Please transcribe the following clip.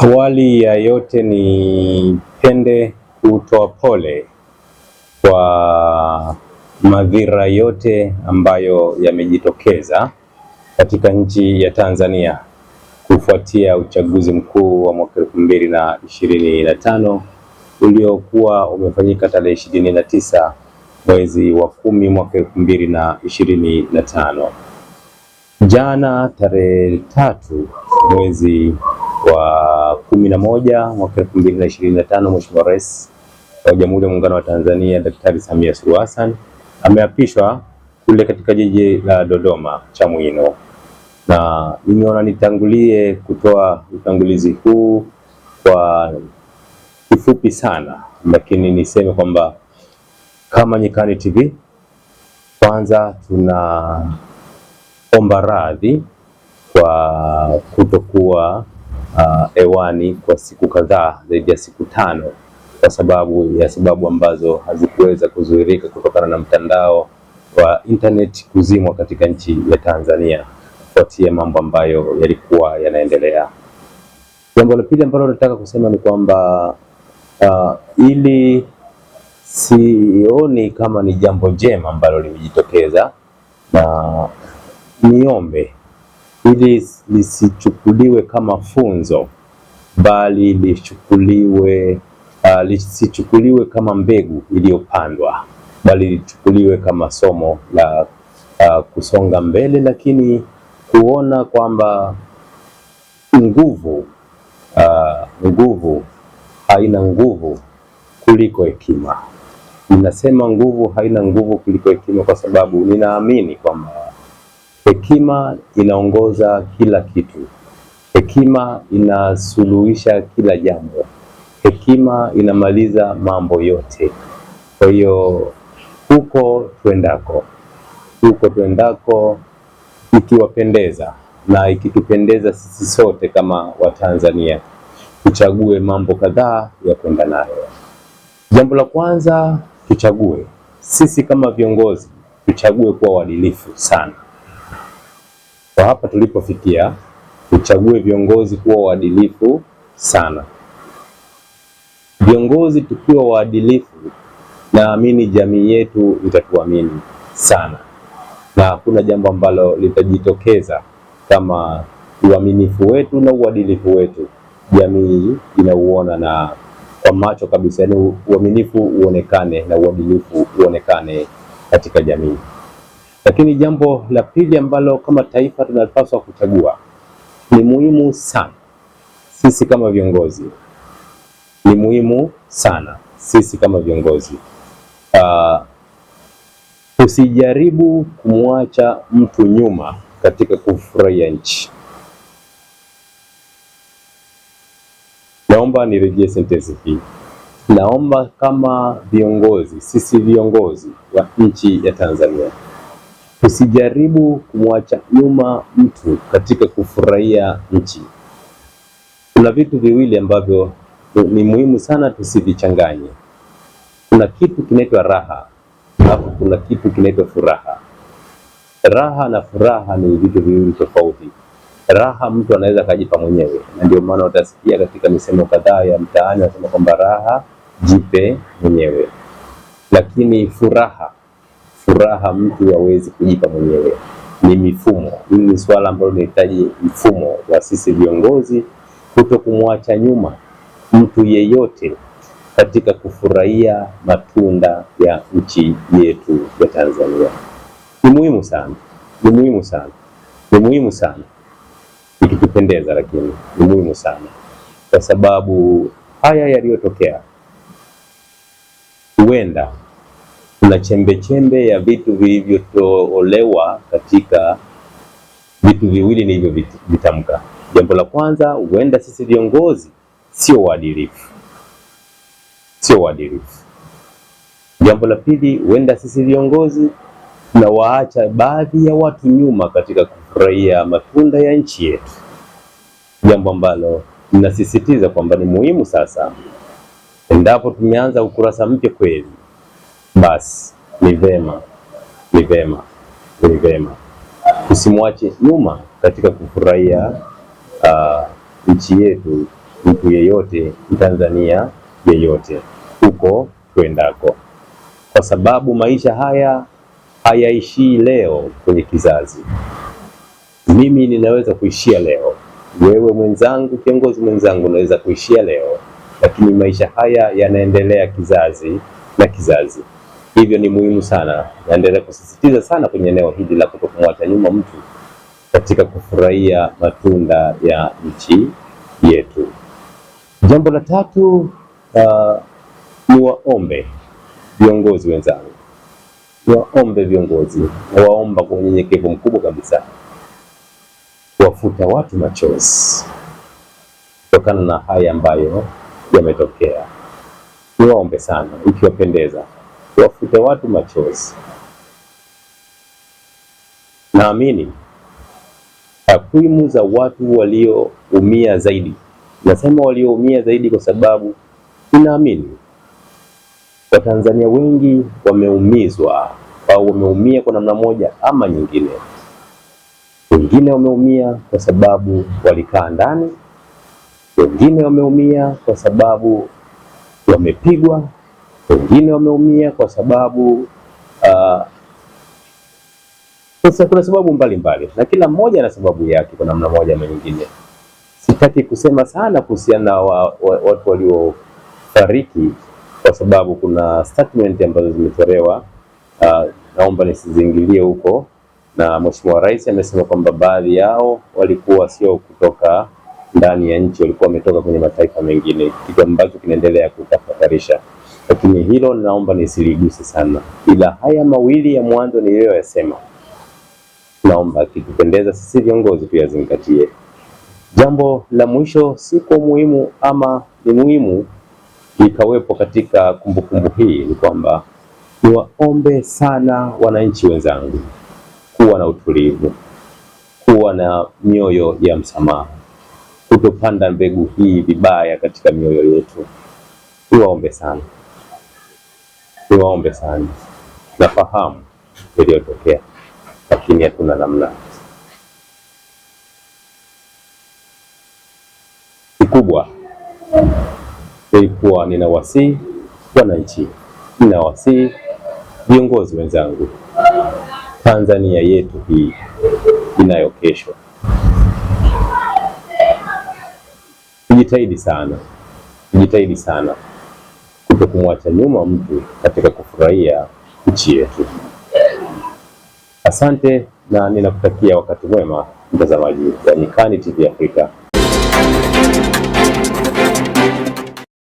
Awali ya yote nipende kutoa pole kwa madhira yote ambayo yamejitokeza katika nchi ya Tanzania kufuatia uchaguzi mkuu wa mwaka elfu mbili na ishirini na tano uliokuwa umefanyika tarehe ishirini na tisa mwezi wa kumi mwaka elfu mbili na ishirini na tano. Jana tarehe tatu mwezi wa kumi na moja mwaka elfu mbili na ishirini na tano Mheshimiwa Rais wa Jamhuri ya Muungano wa Tanzania Daktari Samia Suluhu Hassan ameapishwa kule katika jiji la Dodoma Chamwino, na nimeona nitangulie kutoa utangulizi huu kwa kifupi sana, lakini niseme kwamba kama Nyikani TV kwanza tunaomba radhi kwa kutokuwa uh, hewani kwa siku kadhaa zaidi ya siku tano kwa sababu ya sababu ambazo hazikuweza kuzuirika kutokana na mtandao wa internet kuzimwa katika nchi ya Tanzania kufuatia mambo ambayo yalikuwa yanaendelea. Jambo la pili ambalo nataka kusema ni kwamba uh, ili sioni kama ni jambo jema ambalo limejitokeza, na niombe ili lisichukuliwe kama funzo, bali lichukuliwe uh, lisichukuliwe kama mbegu iliyopandwa, bali lichukuliwe kama somo la uh, kusonga mbele, lakini kuona kwamba nguvu uh, nguvu haina nguvu kuliko hekima. Ninasema nguvu haina nguvu kuliko hekima kwa sababu ninaamini kwamba Hekima inaongoza kila kitu. Hekima inasuluhisha kila jambo. Hekima inamaliza mambo yote. Kwa hiyo huko tuendako, huko tuendako, ikiwapendeza na ikitupendeza sisi sote kama Watanzania, tuchague mambo kadhaa ya kwenda nayo. Jambo la kwanza, tuchague sisi kama viongozi, tuchague kuwa waadilifu sana. Kwa hapa tulipofikia, tuchague viongozi kuwa waadilifu sana. Viongozi tukiwa waadilifu, naamini jamii yetu itatuamini sana, na hakuna jambo ambalo litajitokeza kama uaminifu wetu na uadilifu wetu, jamii inauona na kwa macho kabisa, yaani uaminifu uonekane na uadilifu uonekane katika jamii. Lakini jambo la pili ambalo kama taifa tunapaswa kuchagua ni muhimu sana sisi kama viongozi, ni muhimu sana sisi kama viongozi uh, ah, usijaribu kumwacha mtu nyuma katika kufurahia nchi. Naomba nirejee sentensi hii. Naomba kama viongozi, sisi viongozi wa nchi ya Tanzania Usijaribu kumwacha nyuma mtu katika kufurahia nchi. Kuna vitu viwili ambavyo ni muhimu sana tusivichanganye. Kuna kitu kinaitwa raha, alafu kuna kitu kinaitwa furaha. Raha na furaha ni vitu viwili tofauti. Raha mtu anaweza akajipa mwenyewe, na ndio maana utasikia katika misemo kadhaa ya mtaani wanasema kwamba raha jipe mwenyewe, lakini furaha furaha mtu hawezi kujipa mwenyewe, ni mifumo. Hili ni swala ambalo linahitaji mfumo wa sisi viongozi kuto kumwacha nyuma mtu yeyote katika kufurahia matunda ya nchi yetu ya Tanzania. Ni muhimu sana, ni muhimu sana, ni muhimu sana ikitupendeza, lakini ni muhimu sana kwa sababu haya yaliyotokea huenda kuna chembe chembe ya vitu vilivyotolewa katika vitu viwili vitamka Jambo la kwanza, huenda sisi viongozi sio waadilifu, sio waadilifu. Jambo la pili, huenda sisi viongozi tunawaacha baadhi ya watu nyuma katika kufurahia matunda ya nchi yetu, jambo ambalo ninasisitiza kwamba ni muhimu sasa, endapo tumeanza ukurasa mpya kweli basi ni vema, ni vema, ni vema usimwache nyuma katika kufurahia uh, nchi yetu, mtu yeyote, Mtanzania yeyote huko twendako, kwa sababu maisha haya hayaishii leo kwenye kizazi. Mimi ninaweza kuishia leo, wewe mwenzangu, kiongozi mwenzangu, unaweza kuishia leo, lakini maisha haya yanaendelea kizazi na kizazi. Hivyo ni muhimu sana, naendelea kusisitiza sana kwenye eneo hili la kutokumwacha nyuma mtu katika kufurahia matunda ya nchi yetu. Jambo la tatu, uh, ni waombe viongozi wenzangu, waombe viongozi, waomba kwa unyenyekevu mkubwa kabisa kuwafuta watu machozi kutokana na haya ambayo yametokea. Niwaombe sana, ikiwapendeza tuwafute watu machozi. Naamini takwimu za watu walioumia zaidi, nasema walioumia zaidi kwa sababu ninaamini Watanzania wengi wameumizwa au wameumia kwa namna moja ama nyingine. Wengine wameumia kwa sababu walikaa ndani, wengine wameumia kwa sababu wamepigwa wengine wameumia kwa sababu uh, sasa kuna sababu mbalimbali mbali, na kila mmoja ana sababu yake kwa namna moja ama nyingine. Sitaki kusema sana kuhusiana na wa, wa, watu waliofariki kwa sababu kuna statement ambazo zimetolewa. Uh, naomba nisizingilie huko, na Mheshimiwa Rais amesema kwamba baadhi yao walikuwa sio kutoka ndani ya nchi, walikuwa wametoka kwenye mataifa mengine, kitu ambacho kinaendelea kutafakarisha lakini hilo naomba nisiliguse sana, ila haya mawili ya mwanzo niliyoyasema, naomba kitupendeza sisi viongozi tuyazingatie. Jambo la mwisho siko muhimu ama ni muhimu ikawepo katika kumbukumbu kumbu hii, ni kwamba niwaombe sana wananchi wenzangu kuwa na utulivu, kuwa na mioyo ya msamaha, kutopanda mbegu hii vibaya katika mioyo yetu. Niwaombe sana niwaombe sana, nafahamu yaliyotokea, lakini hatuna namna. Kikubwa nilikuwa ninawasihi wananchi, ninawasihi viongozi wenzangu, Tanzania yetu hii inayo kesho, sana, tujitahidi sana kuto kumwacha nyuma mtu katika kufurahia nchi yetu. Asante na ninakutakia wakati mwema mtazamaji wa Nyikani TV Afrika.